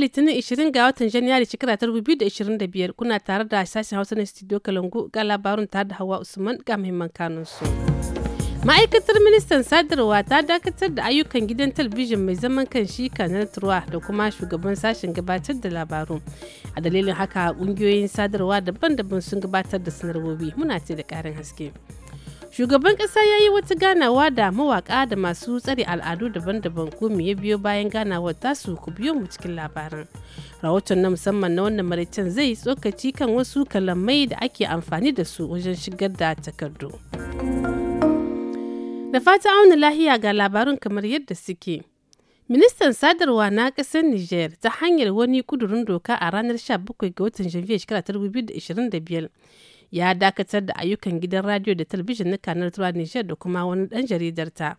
litinin 20 ga watan janairu shekara ta 2025 kuna tare da sashen hausa na studio kalangu ga labarun tare da hawa usman ga muhimman kanunsu ma'aikatar ministan sadarwa ta dakatar da ayyukan gidan talbijin mai zaman kanshi kanar turwa da kuma shugaban sashen gabatar da labaru a dalilin haka kungiyoyin sadarwa daban-daban sun gabatar da sanarwobi muna ce da karin haske. Shugaban ƙasa ya yi wata ganawa da mawaƙa da masu tsare al'adu daban-daban ko ya biyo bayan ganawar tasu ku biyo mu cikin labarin Rahoton na musamman na wannan maraicen zai tsokaci kan wasu kalamai da ake amfani da su wajen shigar da takardu. Da fata auna lahiya ga labarun kamar yadda suke. Ministan sadarwa na ƙasar niger ta hanyar wani kudurin doka a ranar 17 ga watan Janvier shekara 2025 ya dakatar da ayyukan gidan radiyo da talbijin na kanar tuwa Nijar da kuma wani ɗan jaridarta.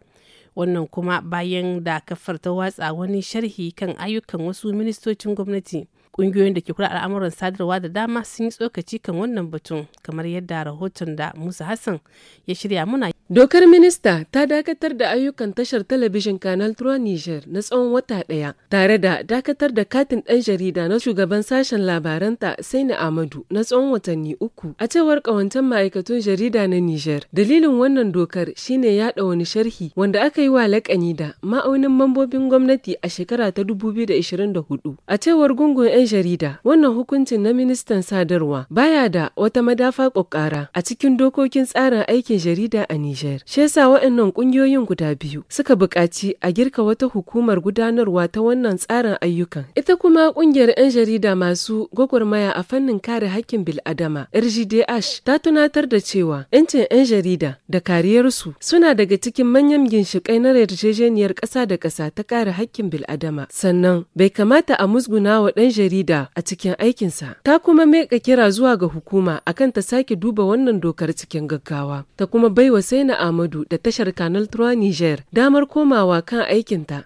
Wannan kuma bayan da kafar ta watsa wani sharhi kan ayyukan wasu ministocin gwamnati. Ƙungiyoyin da ke kula al'amuran sadarwa da dama sun yi tsokaci kan wannan batun kamar yadda rahoton da Musa Hassan ya shirya muna. Dokar minista ta dakatar da ayyukan tashar talabijin Canal tura Niger na tsawon wata ɗaya tare da dakatar da katin ɗan jarida na shugaban sashen labaranta sai na Amadu na tsawon watanni uku. A cewar ƙawancen ma'aikatun jarida na Niger, dalilin wannan dokar shine yaɗa wani sharhi wanda aka yi wa lakani da ma'aunin mambobin gwamnati a shekara ta 2024. A cewar gungun 'yan jarida wannan hukuncin na ministan sadarwa baya da wata madafa kokara a cikin dokokin tsarin aikin jarida a Nijar. Shi yasa waɗannan ƙungiyoyin guda biyu suka buƙaci a girka wata hukumar gudanarwa ta wannan tsarin ayyukan. Ita kuma ƙungiyar 'yan jarida masu gwagwarmaya a fannin kare haƙƙin bil'adama RGDH ta tunatar da cewa 'yancin 'yan jarida da kariyarsu suna daga cikin manyan ginshiƙai na yarjejeniyar ƙasa da ƙasa ta kare haƙƙin bil'adama. Sannan bai kamata a musguna wa ɗan jarida jarida a cikin aikinsa. Ta kuma meka kira zuwa ga hukuma akan ta sake duba wannan dokar cikin gaggawa. Ta kuma baiwa Saina Amadu da tashar Canal 3 Niger damar komawa kan aikinta.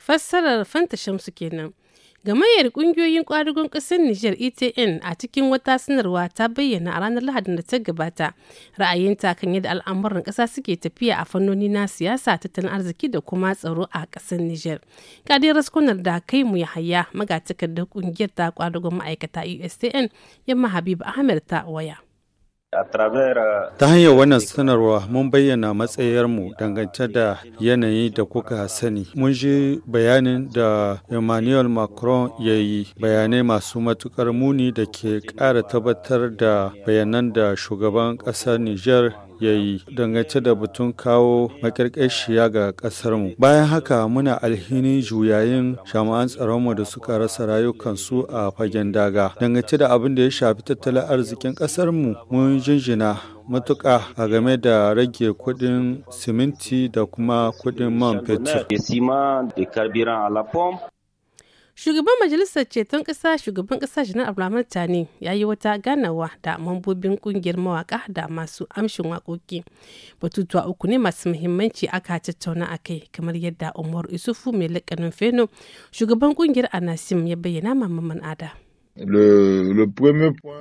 Fassarar Fanta Shamsu kenan. Gamayyar kungiyoyin kwadugon kasar Nijar ETN a cikin wata sanarwa ta bayyana a ranar Lahadin da ta gabata ra'ayinta kan yadda al'amuran ƙasa suke tafiya a fannoni na siyasa, tattalin arziki da kuma tsaro a ƙasar Nijar. Kadai raskunar da kai mu yahaya magatakardar kungiyar ta kwadugon ma'aikata USTN e yamma Habib Ahmed ta waya. Uh, Ta hanyar wannan sanarwa mun bayyana matsayarmu dangance da yanayi da kuka sani. Mun ji bayanin da Emmanuel Macron ya yi bayanai masu matukar muni da ke ƙara tabbatar da bayanan da shugaban ƙasar Nijar ya yi dangance da batun kawo makarkashiya ga ƙasarmu. Bayan haka muna alhinin juyayin jami'an tsaronmu da suka rasa rayukansu a fagen daga. Dangance da abin da ya shafi tattalin arzikin ƙasarmu mun jinjina matuƙa a game da rage kuɗin siminti da kuma kuɗin man fetur. shugaban majalisar ceton ƙasa shugaban ƙasa janar abdulhamid tani ya yi wata ganawa da mambobin ƙungiyar mawaƙa da masu amshin waƙoƙi batutuwa uku ne masu muhimmanci aka tattauna a kai kamar yadda umar isufu mai laƙanin feno shugaban ƙungiyar anasim ya bayyana mamman ada.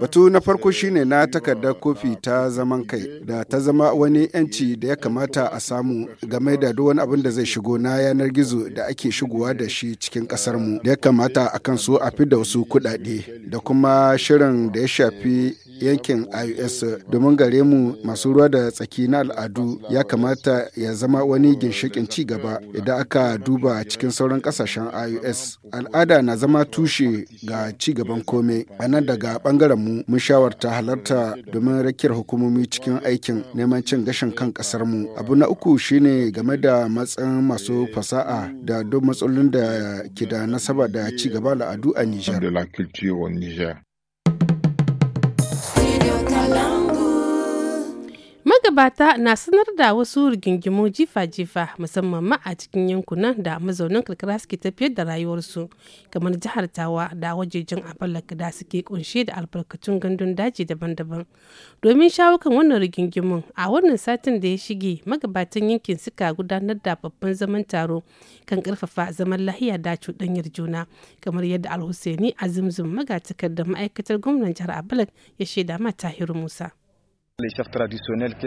Batu na farko shine na takardar kofi ta zaman kai da ta zama wani 'yanci da ya kamata a samu game da duk wani abin da zai shigo na yanar gizo da ake shigowa da shi cikin kasar mu euh, da ya kamata a kan su a fi da wasu kuɗaɗe da kuma shirin da ya shafi yankin ius domin gare mu masu ruwa da tsaki na al'adu ya kamata ya zama wani ginshikin ci gaba idan aka duba cikin sauran kasashen ius al'ada na zama tushe ga ci gaban kome a nan daga bangaren mu mun shawarta halarta domin rakiyar hukumomi cikin aikin neman cin gashin kan kasar mu abu na uku shine game da matsayin masu fasa'a da duk matsalolin da ke da nasaba da ci gaba al'adu a Nijar. magabata na sanar da wasu rigingimu jifa-jifa musamman ma a cikin yankunan da mazaunin karkara suke tafiyar da rayuwarsu kamar jihar tawa da wajejen afalak da suke kunshe da albarkatun gandun daji daban-daban domin shawukan wannan rigingimun a wannan satin da ya shige magabatan yankin suka gudanar da babban zaman taro kan karfafa zaman lahiya da cuɗanyar juna kamar yadda alhusaini azumzum magatakar da ma'aikatar gwamnan jihar afalak ya shaida ma tahiru musa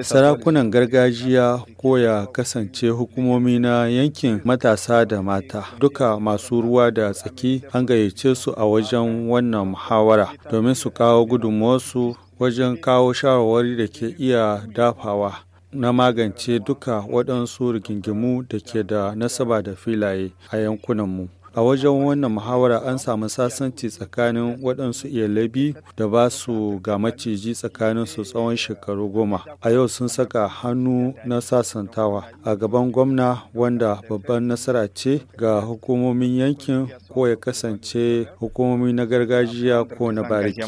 Sarakunan gargajiya ko ya kasance hukumomi na yankin matasa da mata duka masu ruwa da tsaki an gayyace su a wajen wannan muhawara domin su kawo gudunmuwarsu wajen kawo shawarwari da ke iya dafawa na magance duka waɗansu rigingimu da ke da nasaba da filaye a yankunanmu. a wajen wannan muhawara an samu sasanci tsakanin waɗansu iyalai da ba su ga maciji tsakanin su tsawon shekaru goma a yau sun saka hannu na sasantawa a gaban gwamna wanda babban nasara ce ga hukumomin yankin ko ya kasance hukumomi na gargajiya ko na bariki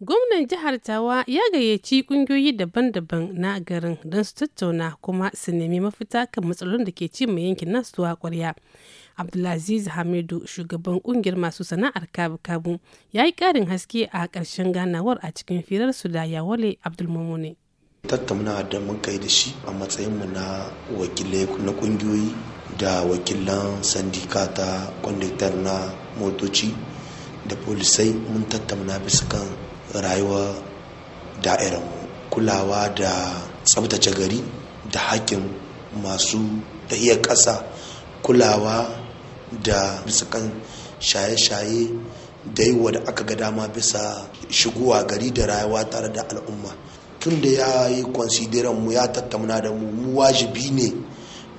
gwamnan jihar tawa ya gayyaci kungiyoyi daban-daban na garin don su tattauna kuma su nemi mafita kan matsalolin da ke ci mai yankin nasu tuwa kwarya abdulaziz hamidu shugaban kungiyar masu sana'ar kabu-kabu ya yi karin haske a ƙarshen ganawar a cikin firar su da yawale abdulmumune tattaunawa da mun kai da shi a matsayinmu na wakilai na kungiyoyi da wakilan sandikata ta kwandaitar na motoci da polisai mun tattauna bisa kan rayuwar dairanmu kulawa da tsabtace gari da hakkin masu iya ƙasa kulawa da bisa shaye-shaye da yi wa da aka ga dama bisa shigowa gari da rayuwa tare da al'umma tun da ya yi kwansidiran mu ya tattauna da mu mu wajibi ne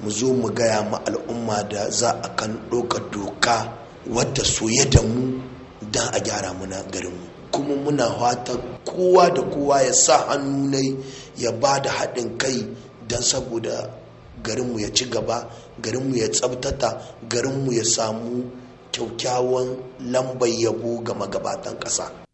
mu zo mu gaya ma al'umma da za a kan ɗaukar doka wadda soye da mu don a gyara muna garinmu kuma muna fatan kowa da kowa ya sa hannu ne ya ba da haɗin kai don saboda garinmu ya ci gaba garinmu ya tsabtata garinmu ya samu kyaukyawan lambar yabo ga magabatan ƙasa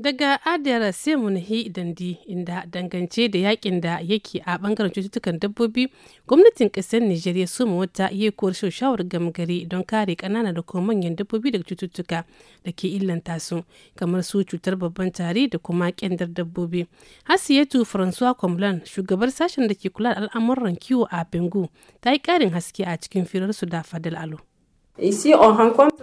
daga adara sai munhi dandi inda dangance da yakin da yake a bangaren cututtukan dabbobi gwamnatin kasar nijeriya su mu wata yekuwar shawar gamgari don kare kanana da kuma manyan dabbobi daga cututtuka da ke illanta su kamar su cutar babban tari da kuma kyandar dabbobi hasiyatu francois comlan shugabar sashen da ke kula da al'amuran kiwo a bengu ta yi karin haske a cikin firarsu da fadal alo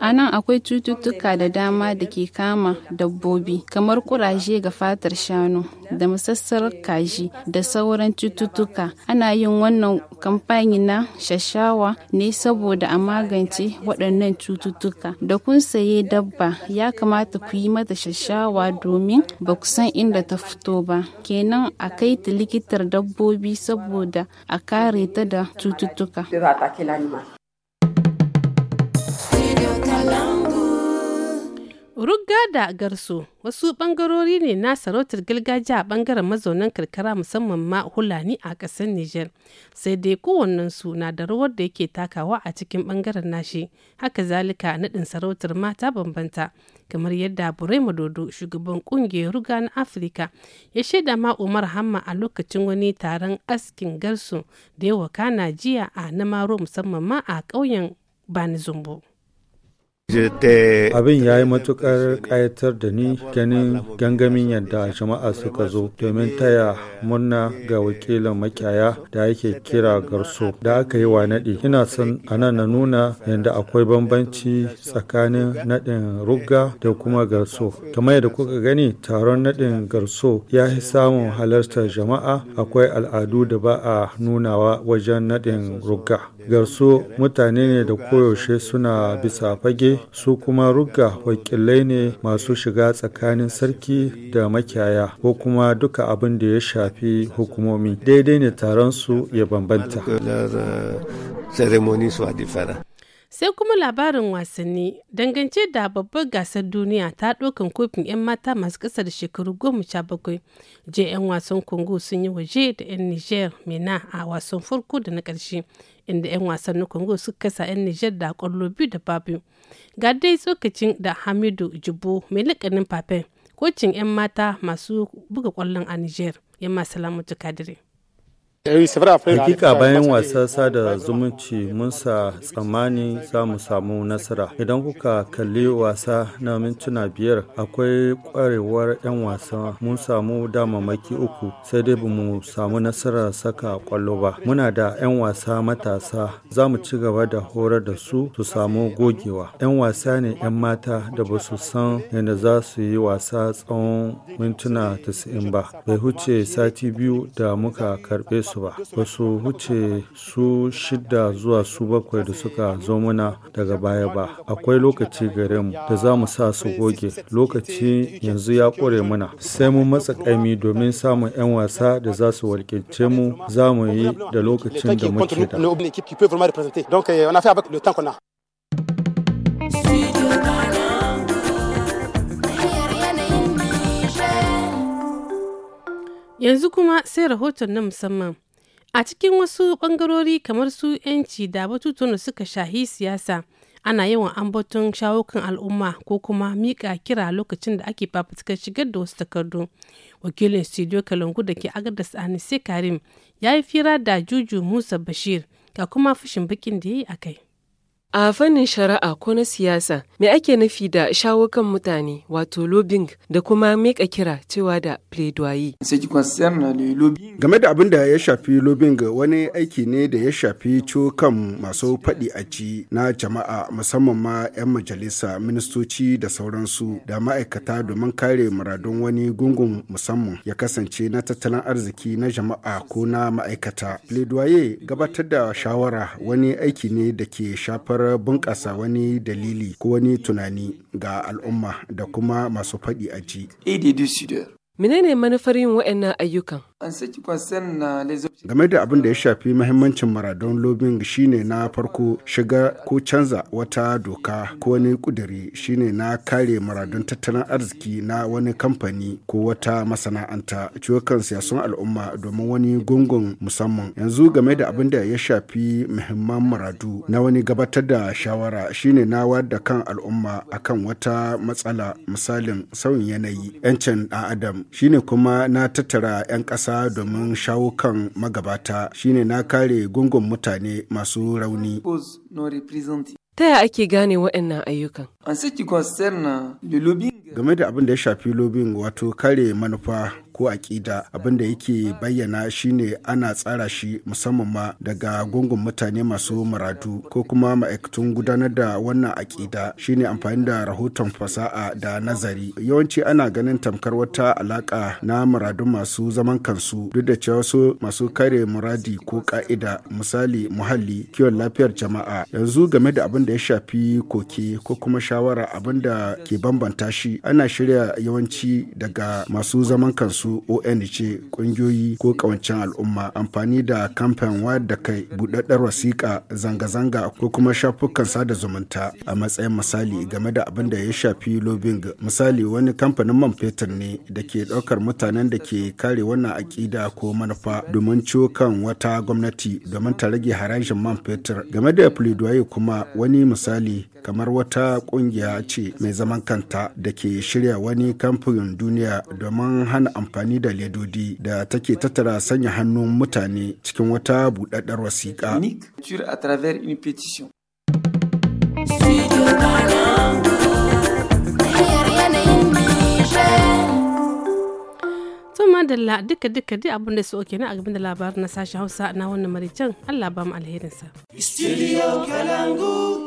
A nan akwai cututtuka da dama da ke kama dabbobi, kamar kuraje ga fatar shanu da musassar kaji da sauran cututtuka. Ana yin wannan kamfani na shashawa ne saboda a magance waɗannan cututtuka. Da kun saye dabba ya kamata ku yi mata shashawa domin ba ku san inda ta fito ba. Kenan a kai ta likitar dabbobi saboda a kare ta da cututtuka. Rugga da Garso wasu ɓangarori ne na sarautar gargajiya a bangaren mazaunan karkara musamman ma Hulani a ƙasar Nijar. Sai dai su na da rawar da yake takawa a cikin ɓangaren nashi. Haka zalika naɗin sarautar mata bambanta. Kamar yadda Burai madodo shugaban ƙungiyar Ruga na Afirka ya shaida ma Umar Hamma a lokacin wani taron askin Garso da yawa kana jiya a Namaro musamman ma a ƙauyen Bani Abin ya yi matuƙar ƙayatar da ni ganin gangamin yadda jama'a suka zo domin taya murna ga wakilin makiyaya da ake kira garso da aka yi wa naɗi. Ina son ana na nuna yadda akwai bambanci tsakanin naɗin rugga da kuma garso. Kamar yadda kuka gani taron naɗin garso ya yi samun halartar jama'a akwai al'adu da ba a nunawa wajen naɗin rugga. Garso mutane ne da koyaushe suna bisa fage su kuma ruga wakilai ne masu shiga tsakanin sarki da makiyaya ko kuma duka abin da ya shafi hukumomi daidai ne taron su ya bambanta. sai kuma labarin wasanni dangance da babbar gasar duniya ta ɗaukan kofin 'yan mata masu ƙasa da shekaru goma sha bakwai je 'yan wasan congo sun yi waje da 'yan niger mena a wasan farko da na ƙarshe inda 'yan wasan na congo suka kasa 'yan niger da ƙwallo biyu da babu ga dai tsokacin da hamidu jibo mai lakanin papen kocin 'yan mata masu buga ƙwallon a niger yamma salamatu kadiri Eh, Hakika bayan wasa sada zumunci mun sa tsammani za mu samu nasara. Idan kuka kalli wasa na mintuna biyar akwai kwarewar 'yan wasa mun samu damamaki uku sai dai ba samu nasara saka kwallo ba. Muna da 'yan wasa matasa za mu ci gaba da horar da su su samu gogewa. 'Yan wasa ne 'yan mata da ba su san yadda za su yi wasa tsawon mintuna 90 ba. Bai huce sati biyu da muka karbe su su ba wasu su wuce su shida zuwa su bakwai da suka zo muna daga baya ba akwai lokaci gare mu da za mu sa su goge lokaci yanzu ya kore muna sai mu matsa kaimi domin samun 'yan wasa da za su walƙince mu za mu yi da lokacin da muke da euh, Yanzu kuma sai rahoton na musamman. a cikin wasu bangarori kamar su 'yanci da batutuwan da suka shahi siyasa ana yawan ambaton shawo kan al'umma ko kuma mika kira lokacin da ake fafutukar shigar da wasu takardu wakilin studio kalangu da ke agadas anise karim ya yi fira da juju musa bashir ga kuma fushin bakin da ya yi a kai A fannin shari'a ko na siyasa, me ake nufi da shawo mutane wato lobbying da kuma meka kira cewa da pledoyi? Game da abin da ya shafi lobbying wani aiki ne da ya shafi cokan masu faɗi a ci na jama'a musamman ma 'yan majalisa, ministoci da sauransu da ma'aikata domin kare muradun wani gungun musamman ya kasance na tattalin arziki na jama'a ko na ma'aikata. gabatar da shawara wani aiki ne da ke shafar kamar bunƙasa wani dalili ko wani tunani ga al'umma da kuma masu faɗi a ji. Menene manufar yin waɗannan ayyukan? Game da abin da ya shafi mahimmancin maradon lobin shine na farko shiga ko canza wata doka ko wani kudiri shine na kare maradon tattalin arziki na wani kamfani ko wata masana'anta ciwukan siyasun al'umma domin wani gungun musamman. Yanzu game da abin da ya shafi mahimman maradu na wani gabatar da shawara shine na da kan al'umma akan wata matsala misalin sauyin yanayi 'yancin adam shine kuma na tattara 'yan ƙasa ƙasa domin shawo kan magabata shine na kare gungun mutane masu rauni. Ta yaya ake gane waɗannan ayyukan? Game da abin da ya shafi lobin wato kare manufa ko aƙida abin da yake bayyana shine ana tsara shi musamman ma daga gungun mutane masu muradu ko kuma ma'aikatun gudanar da wannan aƙida shine amfani da rahoton fasaha da nazari yawanci ana ganin tamkar wata alaƙa na muradun masu zaman kansu duk da cewa wasu masu kare muradi ko ƙa'ida misali muhalli kiwon lafiyar jama'a yanzu game da abin da ya shafi koke ko kuma shawara abin da ke bambanta shi ana shirya yawanci daga masu zaman kansu su on ce kungiyoyi ko kawancen al'umma amfani da kamfen wayar da kai budaddar wasiƙa zanga-zanga ko kuma shafukan sada zumunta a matsayin misali game da abin da ya shafi lobbying misali wani kamfanin man fetur ne da ke ɗaukar mutanen da ke kare wannan aƙida ko manufa domin kan wata gwamnati domin ta rage harajin man fetur game da fulidwaye kuma wani misali kamar wata ƙungiya ce mai zaman kanta da ke shirya wani kamfanin duniya domin hana amfani amfani da ledodi da take tattara sanya hannun mutane cikin wata buɗaɗɗar wasiƙa. tun madalla duka duka duk abin da su oke na abin da labarin na sashen hausa na wannan maricin allah ba mu alherinsa. Studio Kalangu.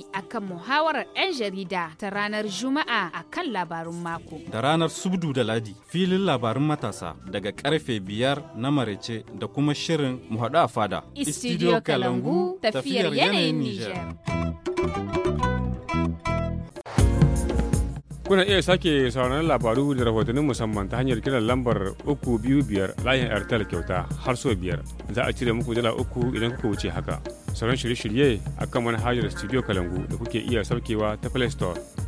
akan muhawarar 'yan jarida ta ranar Juma'a a kan labarun mako. Da ranar Subdu da Ladi filin labarun matasa daga karfe biyar na marece da kuma shirin hadu a fada. Istidiyo Kalangu tafiyar yanayin Nijar. kuna iya sake sauraron labaru da rahotannin musamman ta hanyar kiran lambar 325 layin airtel kyauta har so biyar za a cire muku dala uku idan kuka wuce haka sauran shirye-shirye a kan manhajar studio kalangu da kuke iya saukewa ta play store